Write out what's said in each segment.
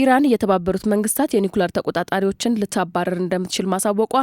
ኢራን የተባበሩት መንግስታት የኒኩለር ተቆጣጣሪዎችን ልታባረር እንደምትችል ማሳወቋ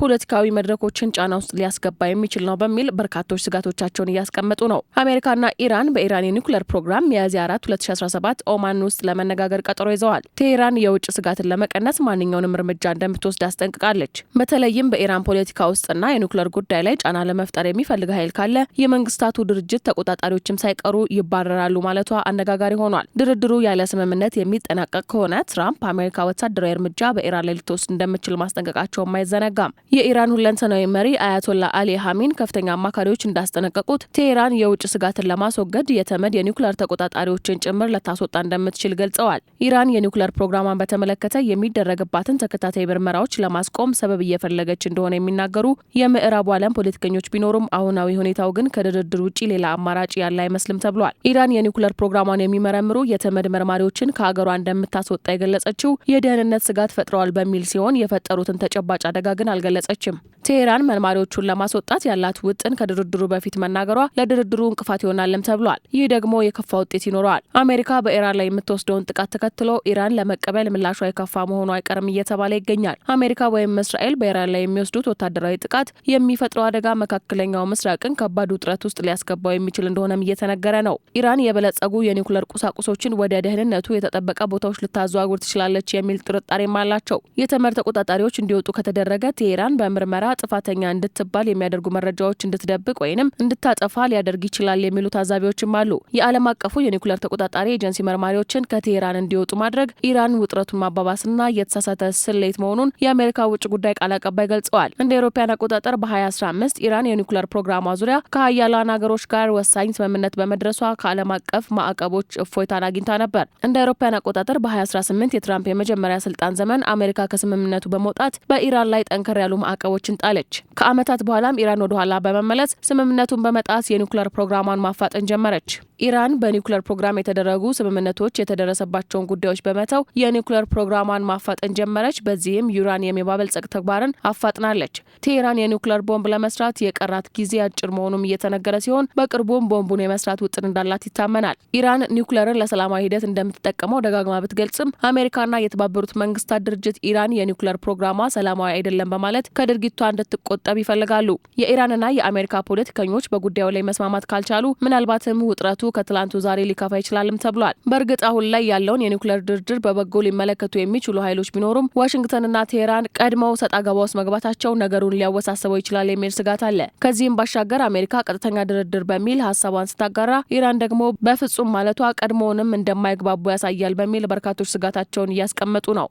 ፖለቲካዊ መድረኮችን ጫና ውስጥ ሊያስገባ የሚችል ነው በሚል በርካቶች ስጋቶቻቸውን እያስቀመጡ ነው። አሜሪካና ኢራን በኢራን የኒኩለር ፕሮግራም ሚያዝያ 4 2017 ኦማን ውስጥ ለመነጋገር ቀጠሮ ይዘዋል። ቴሄራን የውጭ ስጋትን ለመቀነስ ማንኛውንም እርምጃ እንደምትወስድ አስጠንቅቃለች። በተለይም በኢራን ፖለቲካ ውስጥና የኒኩለር ጉዳይ ላይ ጫና ለመፍጠር የሚፈልግ ኃይል ካለ የመንግስታቱ ድርጅት ተቆጣጣሪዎችም ሳይቀሩ ይባረራሉ ማለቷ አነጋጋሪ ሆኗል። ድርድሩ ያለ ስምምነት የሚጠናቀቅ ከሆነ ከሆነ ትራምፕ አሜሪካ ወታደራዊ እርምጃ በኢራን ላይ ልትወስድ እንደምችል ማስጠንቀቃቸውም አይዘነጋም። የኢራን ሁለንተናዊ መሪ አያቶላ አሊ ሀሚን ከፍተኛ አማካሪዎች እንዳስጠነቀቁት ቴሄራን የውጭ ስጋትን ለማስወገድ የተመድ የኒውክለር ተቆጣጣሪዎችን ጭምር ልታስወጣ እንደምትችል ገልጸዋል። ኢራን የኒውክለር ፕሮግራሟን በተመለከተ የሚደረግባትን ተከታታይ ምርመራዎች ለማስቆም ሰበብ እየፈለገች እንደሆነ የሚናገሩ የምዕራቡ ዓለም ፖለቲከኞች ቢኖሩም አሁናዊ ሁኔታው ግን ከድርድር ውጭ ሌላ አማራጭ ያለ አይመስልም ተብሏል። ኢራን የኒውክለር ፕሮግራሟን የሚመረምሩ የተመድ መርማሪዎችን ከሀገሯ እንደምታስወ እንደምትወጣ የገለጸችው የደህንነት ስጋት ፈጥረዋል በሚል ሲሆን የፈጠሩትን ተጨባጭ አደጋ ግን አልገለጸችም። ቴሄራን መርማሪዎቹን ለማስወጣት ያላት ውጥን ከድርድሩ በፊት መናገሯ ለድርድሩ እንቅፋት ይሆናልም ተብሏል። ይህ ደግሞ የከፋ ውጤት ይኖረዋል። አሜሪካ በኢራን ላይ የምትወስደውን ጥቃት ተከትሎ ኢራን ለመቀበል ምላሿ የከፋ መሆኑ አይቀርም እየተባለ ይገኛል። አሜሪካ ወይም እስራኤል በኢራን ላይ የሚወስዱት ወታደራዊ ጥቃት የሚፈጥረው አደጋ መካከለኛው ምስራቅን ከባድ ውጥረት ውስጥ ሊያስገባው የሚችል እንደሆነም እየተነገረ ነው። ኢራን የበለጸጉ የኒውክለር ቁሳቁሶችን ወደ ደህንነቱ የተጠበቀ ቦታዎች ልታዘዋውር ትችላለች የሚል ጥርጣሬም አላቸው። የተመድ ተቆጣጣሪዎች እንዲወጡ ከተደረገ ቴሄራን በምርመራ ጥፋተኛ እንድትባል የሚያደርጉ መረጃዎች እንድትደብቅ ወይንም እንድታጠፋ ሊያደርግ ይችላል የሚሉ ታዛቢዎችም አሉ። የዓለም አቀፉ የኒኩሌር ተቆጣጣሪ ኤጀንሲ መርማሪዎችን ከቴሄራን እንዲወጡ ማድረግ ኢራን ውጥረቱን ማባባስና የተሳሳተ ስሌት መሆኑን የአሜሪካ ውጭ ጉዳይ ቃል አቀባይ ገልጸዋል። እንደ አውሮፓውያን አቆጣጠር በ2015 ኢራን የኒኩሌር ፕሮግራሟ ዙሪያ ከሀያላን ሀገሮች ጋር ወሳኝ ስምምነት በመድረሷ ከዓለም አቀፍ ማዕቀቦች እፎይታን አግኝታ ነበር። እንደ አውሮፓውያን አቆጣጠር በ 2018 የትራምፕ የመጀመሪያ ስልጣን ዘመን አሜሪካ ከስምምነቱ በመውጣት በኢራን ላይ ጠንከር ያሉ ማዕቀቦችን ጣለች። ከዓመታት በኋላም ኢራን ወደኋላ በመመለስ ስምምነቱን በመጣስ የኒውክለር ፕሮግራሟን ማፋጠን ጀመረች። ኢራን በኒውክለር ፕሮግራም የተደረጉ ስምምነቶች የተደረሰባቸውን ጉዳዮች በመተው የኒውክለር ፕሮግራሟን ማፋጠን ጀመረች። በዚህም ዩራኒየም የማበልጸግ ተግባርን አፋጥናለች። ቴሄራን የኒውክለር ቦምብ ለመስራት የቀራት ጊዜ አጭር መሆኑም እየተነገረ ሲሆን በቅርቡም ቦምቡን የመስራት ውጥን እንዳላት ይታመናል። ኢራን ኒውክለርን ለሰላማዊ ሂደት እንደምትጠቀመው ደጋግማ ብትገልጽ ቢገልጽም አሜሪካና የተባበሩት መንግስታት ድርጅት ኢራን የኒውክሌር ፕሮግራሟ ሰላማዊ አይደለም በማለት ከድርጊቷ እንድትቆጠብ ይፈልጋሉ። የኢራንና የአሜሪካ ፖለቲከኞች በጉዳዩ ላይ መስማማት ካልቻሉ ምናልባትም ውጥረቱ ከትላንቱ ዛሬ ሊከፋ ይችላልም ተብሏል። በእርግጥ አሁን ላይ ያለውን የኒውክሌር ድርድር በበጎ ሊመለከቱ የሚችሉ ኃይሎች ቢኖሩም ዋሽንግተንና ቴሄራን ቀድመው ሰጣ ገባ ውስጥ መግባታቸው ነገሩን ሊያወሳስበው ይችላል የሚል ስጋት አለ። ከዚህም ባሻገር አሜሪካ ቀጥተኛ ድርድር በሚል ሀሳቧን ስታጋራ፣ ኢራን ደግሞ በፍጹም ማለቷ ቀድሞውንም እንደማይግባቡ ያሳያል በሚል በርካቶች ስጋታቸውን እያስቀመጡ ነው።